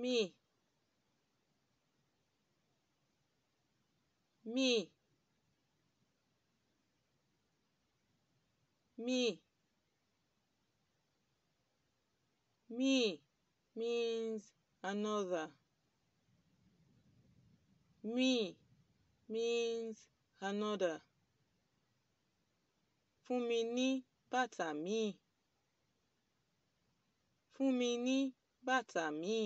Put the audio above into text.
me me me me means another me means another fún mi ní bàtà míì fún mi ní bàtà míì